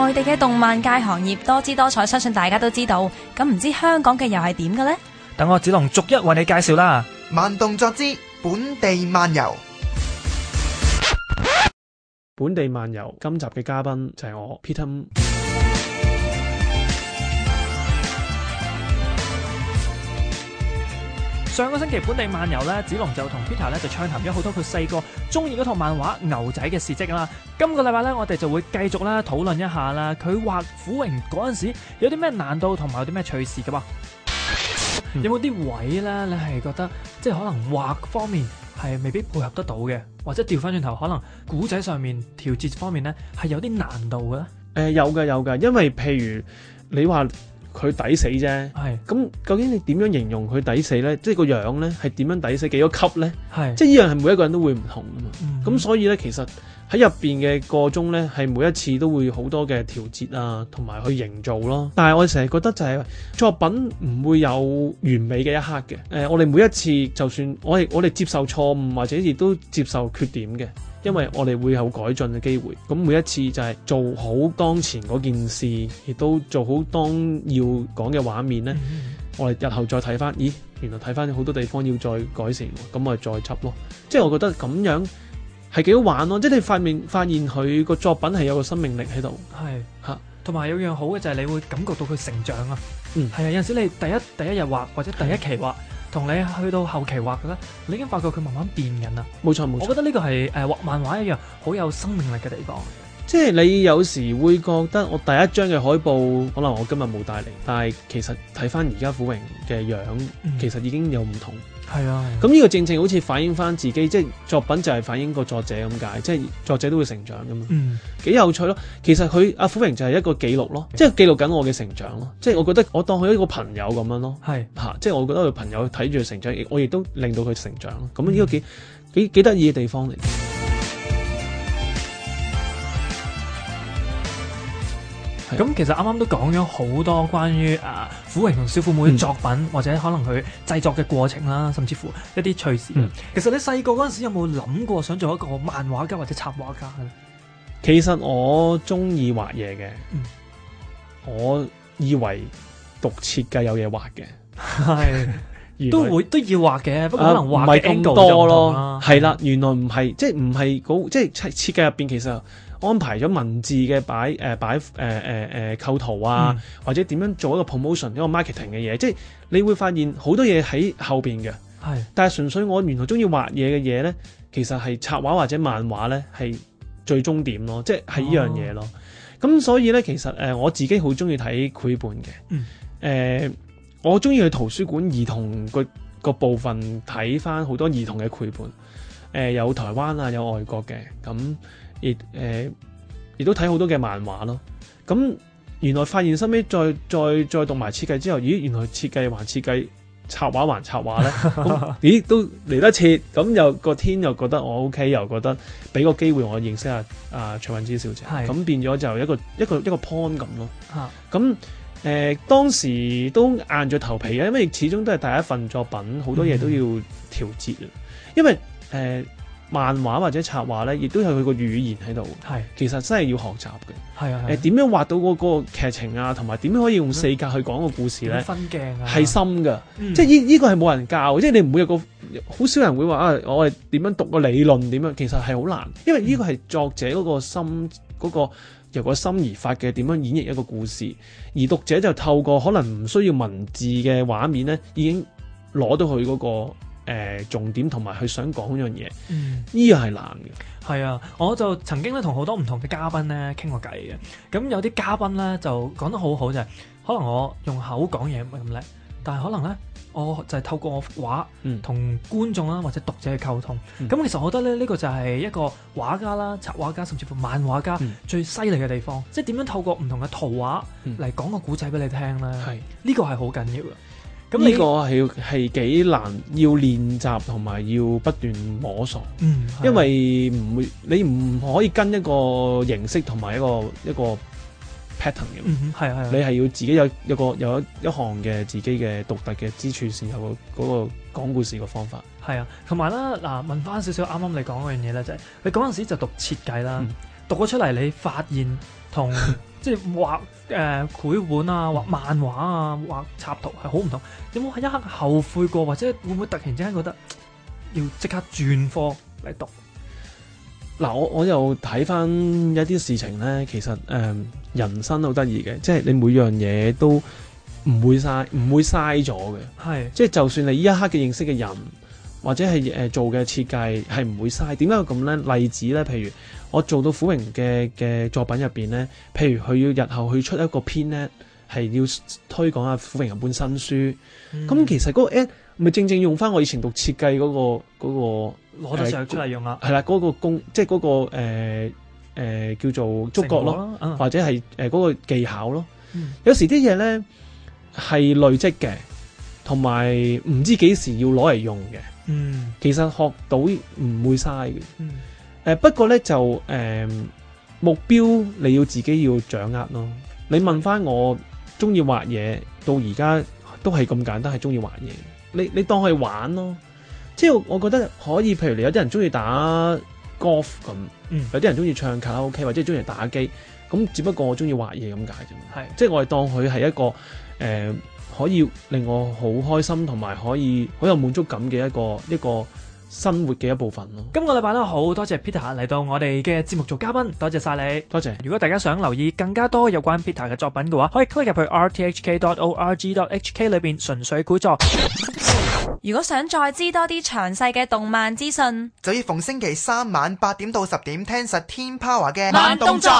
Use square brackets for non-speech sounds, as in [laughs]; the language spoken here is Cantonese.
外地嘅動漫界行業多姿多彩，相信大家都知道。咁唔知香港嘅又係點嘅呢？等我只能逐一為你介紹啦。慢動作之本地漫遊，本地漫遊今集嘅嘉賓就係我 Peter。上個星期本地漫遊咧，子龍就同 Peter 咧就暢談咗好多佢細個中意嗰套漫畫《牛仔》嘅事跡啦。今個禮拜咧，我哋就會繼續啦，討論一下啦。佢畫苦榮嗰陣時，有啲咩難度同埋有啲咩趣事噶噃？嗯、有冇啲位咧？你係覺得即係可能畫方面係未必配合得到嘅，或者調翻轉頭可能古仔上面調節方面咧係有啲難度嘅？誒、呃，有嘅有嘅，因為譬如你話。佢抵死啫，係咁的究竟你點樣形容佢抵死呢？即係個樣呢，係點樣抵死？幾多級呢？的即係呢樣係每一個人都會唔同噶嘛。咁、嗯嗯、所以呢，其實喺入面嘅個中呢，係每一次都會好多嘅調節啊，同埋去營造咯。但係我成日覺得就係、是、作品唔會有完美嘅一刻嘅、呃。我哋每一次就算我我哋接受錯誤，或者亦都接受缺點嘅。因為我哋會有改進嘅機會，咁每一次就係做好當前嗰件事，亦都做好當要講嘅畫面呢、嗯、我哋日後再睇翻，咦，原來睇翻好多地方要再改善，咁我哋再執咯。即係我覺得咁樣係幾好玩咯，即係你發面發現佢個作品係有個生命力喺度，同埋是、啊、有樣好嘅就係、是、你會感覺到佢成長啊。嗯，係啊，有陣時你第一第一日畫或者第一期畫。同你去到後期畫嘅咧，你已經發覺佢慢慢變緊啦。冇錯，冇錯，錯我覺得呢個係誒、呃、畫漫畫一樣好有生命力嘅地方。即係你有時會覺得，我第一張嘅海報可能我今日冇帶嚟，但係其實睇翻，而家苦榮嘅樣，嗯、其實已經有唔同。係啊，咁呢個正正好似反映翻自己，即係作品就係反映個作者咁解，即係作者都會成長咁嘛。嗯，幾有趣咯。其實佢阿苦榮就係一個記錄咯，即係記錄緊我嘅成長咯。嗯、即係我覺得我當佢一個朋友咁樣咯，係吓是，即係我覺得佢朋友睇住佢成長，我亦都令到佢成長咯。咁呢個幾幾幾得意嘅地方嚟。咁其實啱啱都講咗好多關於啊苦榮同小苦妹作品，嗯、或者可能佢製作嘅過程啦，甚至乎一啲趣事。嗯、其實你細個嗰陣時候有冇諗過想做一個漫畫家或者插畫家咧？其實我中意畫嘢嘅，嗯、我以為讀設計有嘢畫嘅，係的來都會都要畫嘅，不過可能畫嘅唔係咁多咯。係啦，原來唔係即係唔係即係設設計入邊其實。安排咗文字嘅擺誒、呃、擺誒誒誒構圖啊，嗯、或者點樣做一個 promotion 一個 marketing 嘅嘢，即係你會發現好多嘢喺後邊嘅。係，是的 但係純粹我原來中意畫嘢嘅嘢咧，其實係插畫或者漫畫咧係最終點咯，即係呢樣嘢咯。咁、哦、所以咧，其實誒、呃、我自己好中意睇繪本嘅。嗯、呃。我中意去圖書館兒童個、那個部分睇翻好多兒童嘅繪本。誒、呃，有台灣啊，有外國嘅咁。亦誒，亦、呃、都睇好多嘅漫畫咯。咁原來發現，後尾再再再讀埋設計之後，咦？原來設計還設計，插畫還插畫咧。 [laughs] 咦？都嚟得切，咁又個天又覺得我 O、OK, K，又覺得俾個機會我認識下阿、啊、徐雲子小姐。咁的變咗就一個一個一個 point 咁咯。咁誒、啊呃、當時都硬着頭皮嘅，因為始終都係第一份作品，好多嘢都要調節。嗯、因為誒。呃漫畫或者插畫咧，亦都有佢個語言喺度。係，其實真係要學習嘅。係啊，係啊。點樣畫到嗰個劇情啊？同埋點樣可以用四格去講個故事咧？分鏡啊，係深噶。嗯，即係呢呢個係冇人教，即係你唔會有個，好少人會話啊！我係點樣讀個理論？點樣？其實係好難，因為呢個係作者嗰個心，嗰個由個心而發嘅點樣演繹一個故事，而讀者就透過可能唔需要文字嘅畫面咧，已經攞到佢嗰個。誒、呃，重點同埋佢想講樣嘢，呢個係難嘅。係啊，我就曾經咧同好多唔同嘅嘉賓咧傾過偈嘅。咁有啲嘉賓咧就講得好好就係，可能我用口講嘢唔係咁叻，但係可能咧我就係透過我畫、啊，同觀眾啦或者讀者去溝通。咁、嗯、其實我覺得咧呢、這個就係一個畫家啦、插畫家甚至乎漫畫家最犀利嘅地方，嗯、即係點樣透過唔同嘅圖畫嚟講個古仔俾你聽咧。呢、嗯、個係好緊要嘅。咁呢個係幾難，要練習同埋要不斷摸索。嗯，啊、因為唔會你唔可以跟一個形式同埋一個一個 pattern 嘅。嗯、啊，啊你係要自己有有，個有一項嘅自己嘅獨特嘅支柱，先、那、有個嗰個講故事嘅方法。啊，同埋啦，嗱，問翻少少啱啱你講嗰樣嘢咧，就係、是、你嗰陣時就讀設計啦，嗯、讀咗出嚟你發現同。 [laughs] 即係畫誒繪本啊，畫漫畫啊，畫插圖係好唔同。有冇喺一刻後悔過，或者會唔會突然之間覺得要即刻轉科嚟讀？嗱，我我又睇翻一啲事情咧，其實誒人生好得意嘅，即係你每樣嘢都唔會嘥，唔會嘥咗嘅。係，即係就算你呢一刻嘅認識嘅人，或者係誒做嘅設計係唔會嘥。點解咁咧？例子咧，譬如。我做到苦榮嘅嘅作品入邊咧，譬如佢要日後去出一個片係要推廣下苦榮一本新書。咁、嗯、其實嗰個 app 咪正正用翻我以前讀設計嗰個、嗰個攞得上出嚟用啊係、呃、啦，嗰、嗰個功即係嗰、嗰個誒誒、呃呃、叫做觸覺咯，uh huh. 或者係誒嗰個技巧咯。嗯、有時啲嘢咧係累積嘅，同埋唔知幾時要攞嚟用嘅。嗯，其實學到唔會嘥嘅。嗯。誒不過咧就、嗯、目標你要自己要掌握咯。你問翻我中意畫嘢，到而家都係咁簡單，係中意畫嘢。你你當佢玩咯，即係我覺得可以，譬如你有啲人中意打 golf 咁，嗯、有啲人中意唱卡拉 OK 或者中意打機，咁只不過我中意畫嘢咁解啫。係的即係我係當佢係一個、呃、可以令我好開心同埋可以好有滿足感嘅一個一個，一個生活嘅一部分咯。今個禮拜都好多謝 Peter 嚟到我哋嘅節目做嘉賓，多謝晒你。多謝。如果大家想留意更加多有關 Peter 嘅作品嘅話，可以 click 入去 rthk.org.hk 裏邊純粹估作。如果想再知多啲詳細嘅動漫資訊，就要逢星期三晚八點到十點聽實天 power 嘅慢動作。